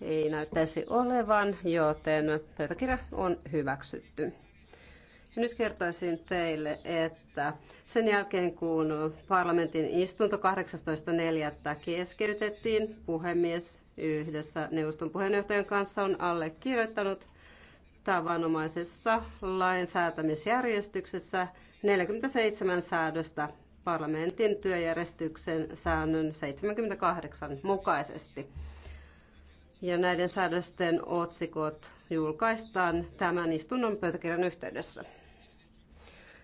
Ei näyttäisi olevan, joten pöytäkirja on hyväksytty. Ja nyt kertoisin teille, että sen jälkeen kun parlamentin istunto 18.4. keskeytettiin, puhemies yhdessä neuvoston puheenjohtajan kanssa on allekirjoittanut tavanomaisessa lainsäätämisjärjestyksessä 47 säädöstä parlamentin työjärjestyksen säännön 78 mukaisesti. Ja näiden säädösten otsikot julkaistaan tämän istunnon pöytäkirjan yhteydessä.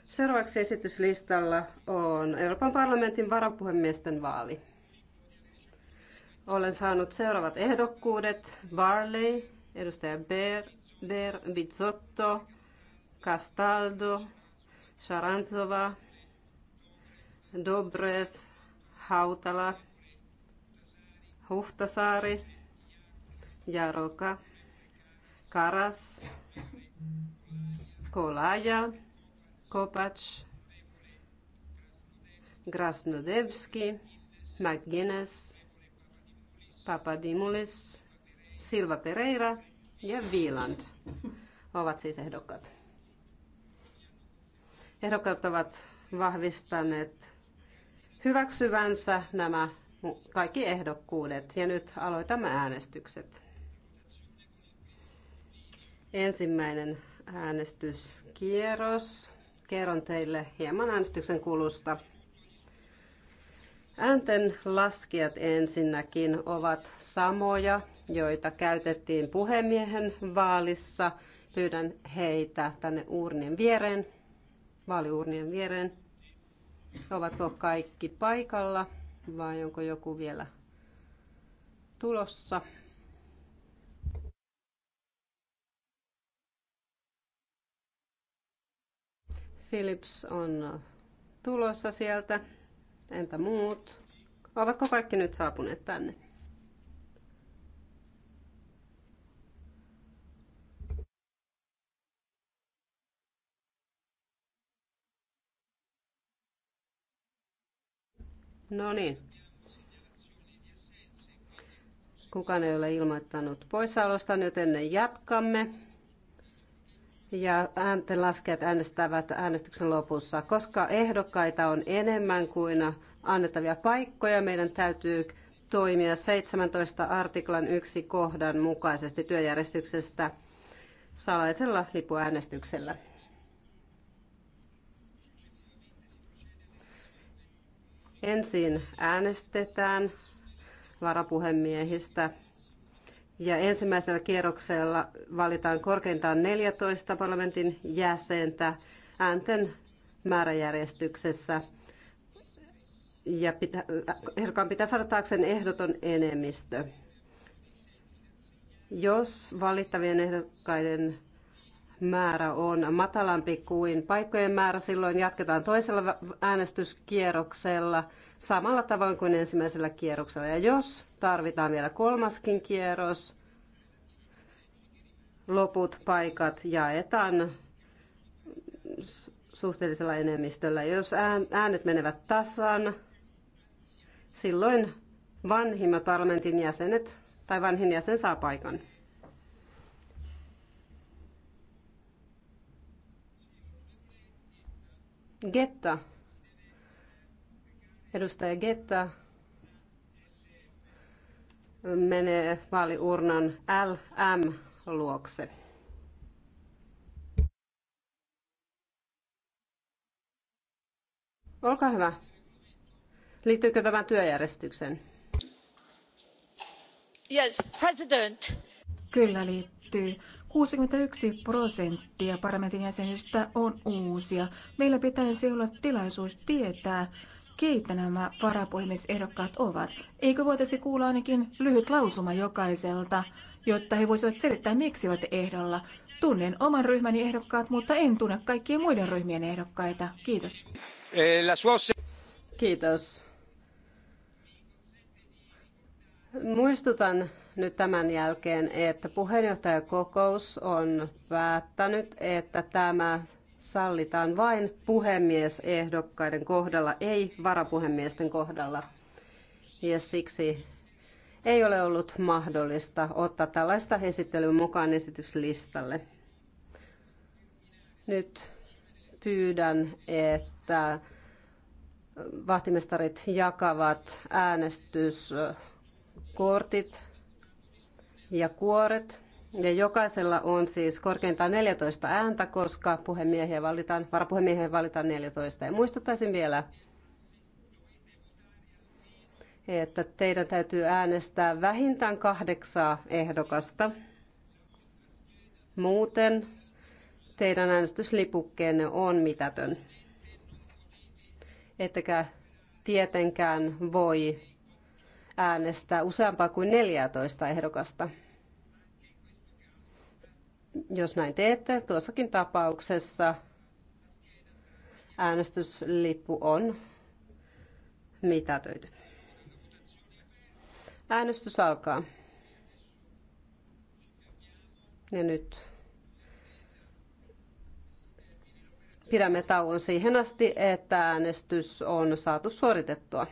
Seuraavaksi esityslistalla on Euroopan parlamentin varapuhemiesten vaali. Olen saanut seuraavat ehdokkuudet. Barley, edustaja Ber, Ber Bizzotto, Castaldo, Sharanzova, Dobrev, Hautala, Huhtasaari, Jaroka, Karas, Kolaja, Kopac, Grasnodevski, McGuinness, Papadimulis, Silva Pereira ja Wieland ovat siis ehdokkaat. Ehdokkaat ovat vahvistaneet hyväksyvänsä nämä kaikki ehdokkuudet. Ja nyt aloitamme äänestykset. Ensimmäinen äänestyskierros. Kerron teille hieman äänestyksen kulusta. Äänten laskijat ensinnäkin ovat samoja, joita käytettiin puhemiehen vaalissa. Pyydän heitä tänne uurnien viereen, vaaliurnien viereen. Ovatko kaikki paikalla vai onko joku vielä tulossa? Philips on tulossa sieltä. Entä muut? Ovatko kaikki nyt saapuneet tänne? No niin. Kukaan ei ole ilmoittanut poissaolosta, joten jatkamme. Ja laskeet äänestävät äänestyksen lopussa. Koska ehdokkaita on enemmän kuin annettavia paikkoja, meidän täytyy toimia 17 artiklan 1 kohdan mukaisesti työjärjestyksestä salaisella lipuäänestyksellä. Ensin äänestetään varapuhemiehistä ja ensimmäisellä kierroksella valitaan korkeintaan 14 parlamentin jäsentä äänten määräjärjestyksessä. Ja pitä, pitää saada taakseen ehdoton enemmistö. Jos valittavien ehdokkaiden määrä on matalampi kuin paikkojen määrä, silloin jatketaan toisella äänestyskierroksella samalla tavoin kuin ensimmäisellä kierroksella. Ja jos tarvitaan vielä kolmaskin kierros, loput paikat jaetaan suhteellisella enemmistöllä. Jos äänet menevät tasan, silloin vanhimmat parlamentin jäsenet tai vanhin jäsen saa paikan. Getta, edustaja Getta, menee vaaliurnan LM-luokse. Olkaa hyvä. Liittyykö tämä työjärjestykseen? Yes, president. Kyllä liittyy. 61 prosenttia parlamentin jäsenistä on uusia. Meillä pitäisi olla tilaisuus tietää, keitä nämä varapuhemiesehdokkaat ovat. Eikö voitaisi kuulla ainakin lyhyt lausuma jokaiselta, jotta he voisivat selittää, miksi ovat ehdolla? Tunnen oman ryhmäni ehdokkaat, mutta en tunne kaikkien muiden ryhmien ehdokkaita. Kiitos. Kiitos. Muistutan nyt tämän jälkeen, että puheenjohtajakokous on päättänyt, että tämä sallitaan vain puhemiesehdokkaiden kohdalla, ei varapuhemiesten kohdalla. Ja siksi ei ole ollut mahdollista ottaa tällaista esittelyä mukaan esityslistalle. Nyt pyydän, että vahtimestarit jakavat äänestyskortit ja kuoret. Ja jokaisella on siis korkeintaan 14 ääntä, koska puhemiehiä valitaan, varapuhemiehiä valitaan 14. Ja muistuttaisin vielä, että teidän täytyy äänestää vähintään kahdeksaa ehdokasta. Muuten teidän äänestyslipukkeenne on mitätön. Ettekä tietenkään voi äänestää useampaa kuin 14 ehdokasta. Jos näin teette, tuossakin tapauksessa äänestyslippu on mitätöity. Äänestys alkaa. Ja nyt pidämme tauon siihen asti, että äänestys on saatu suoritettua.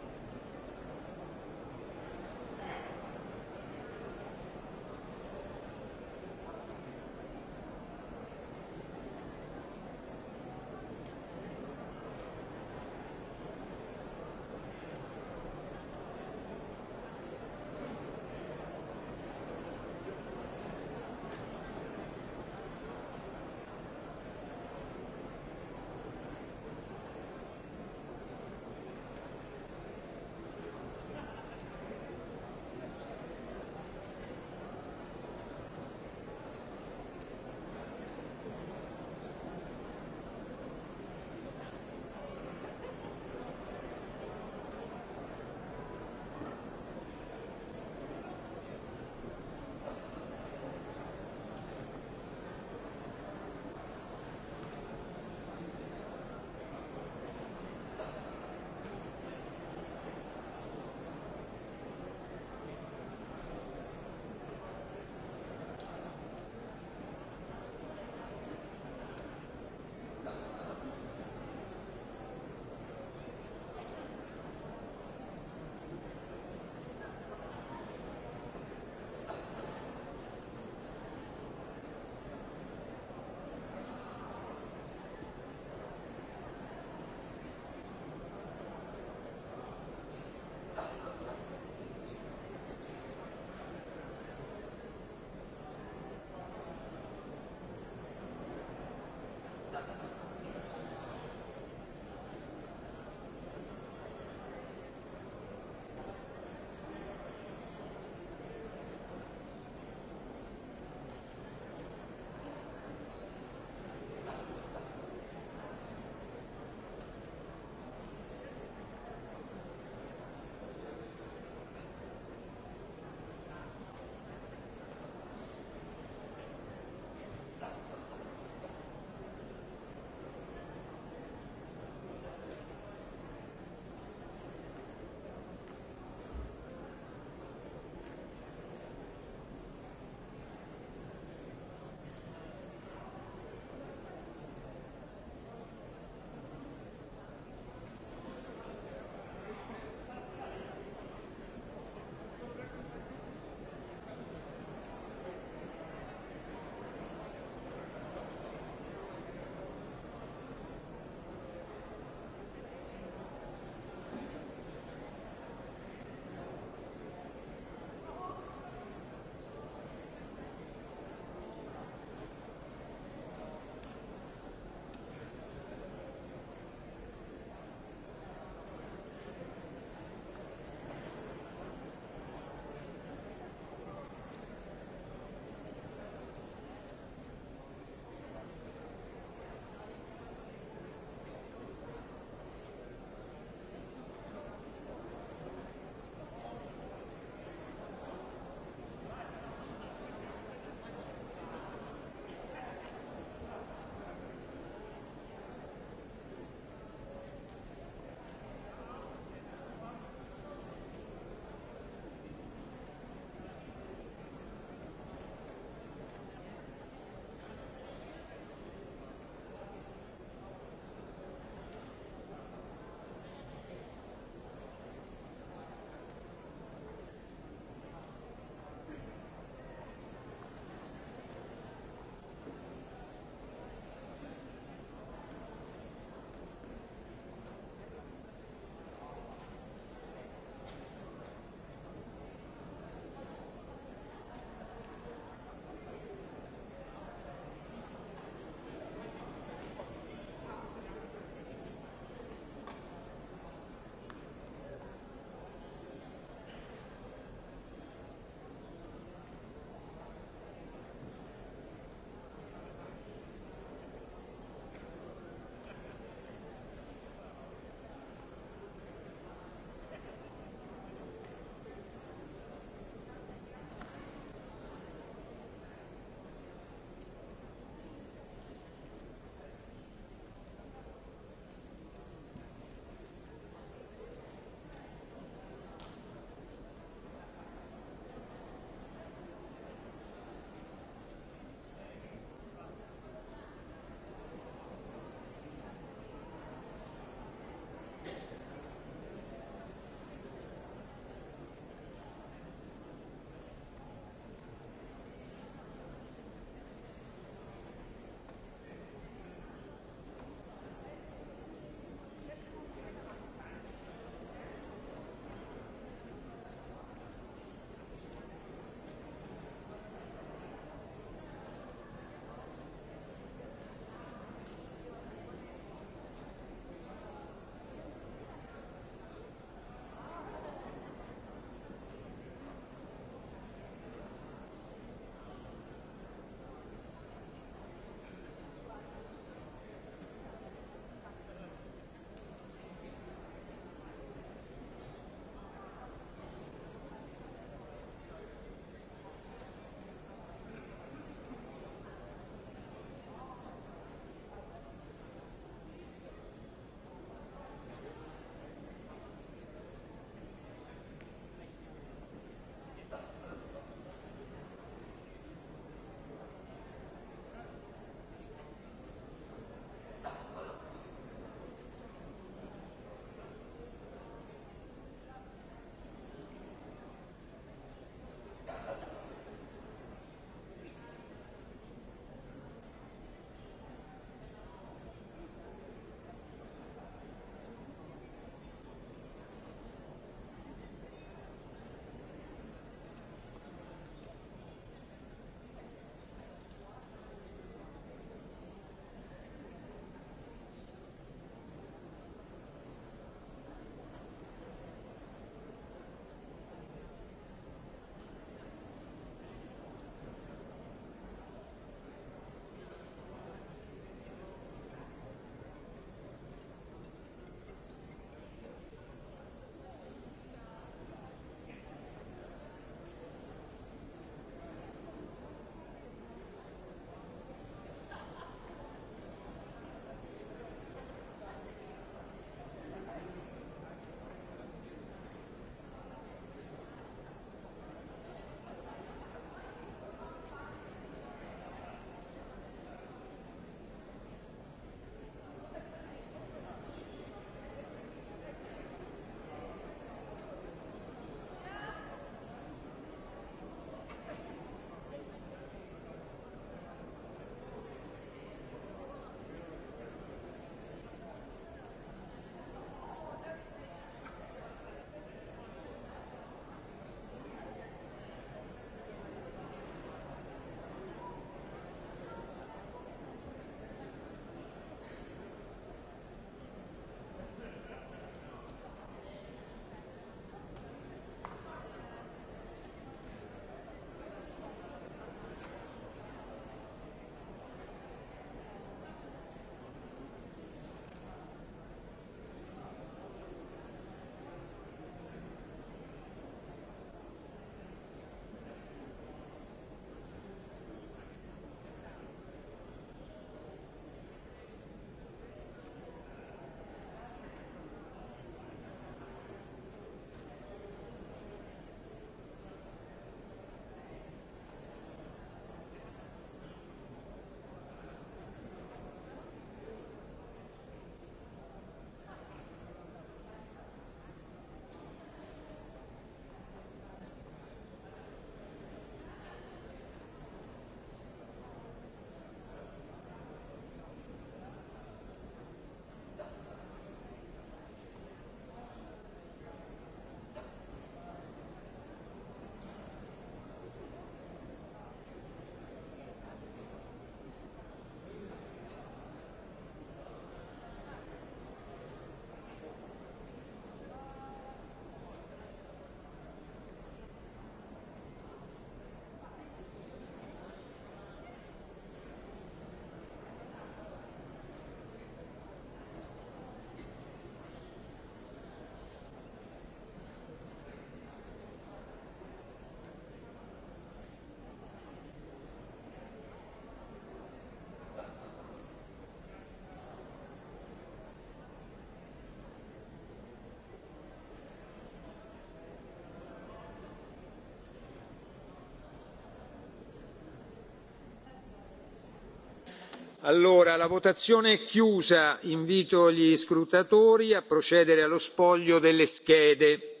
allora la votazione è chiusa invito gli scrutatori a procedere allo spoglio delle schede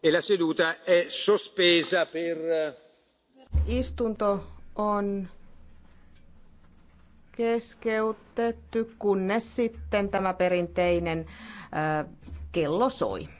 e la seduta è sospesa per eh, istunto on keskeytetty kunnes sitten tämä perinteinen äh, kello soi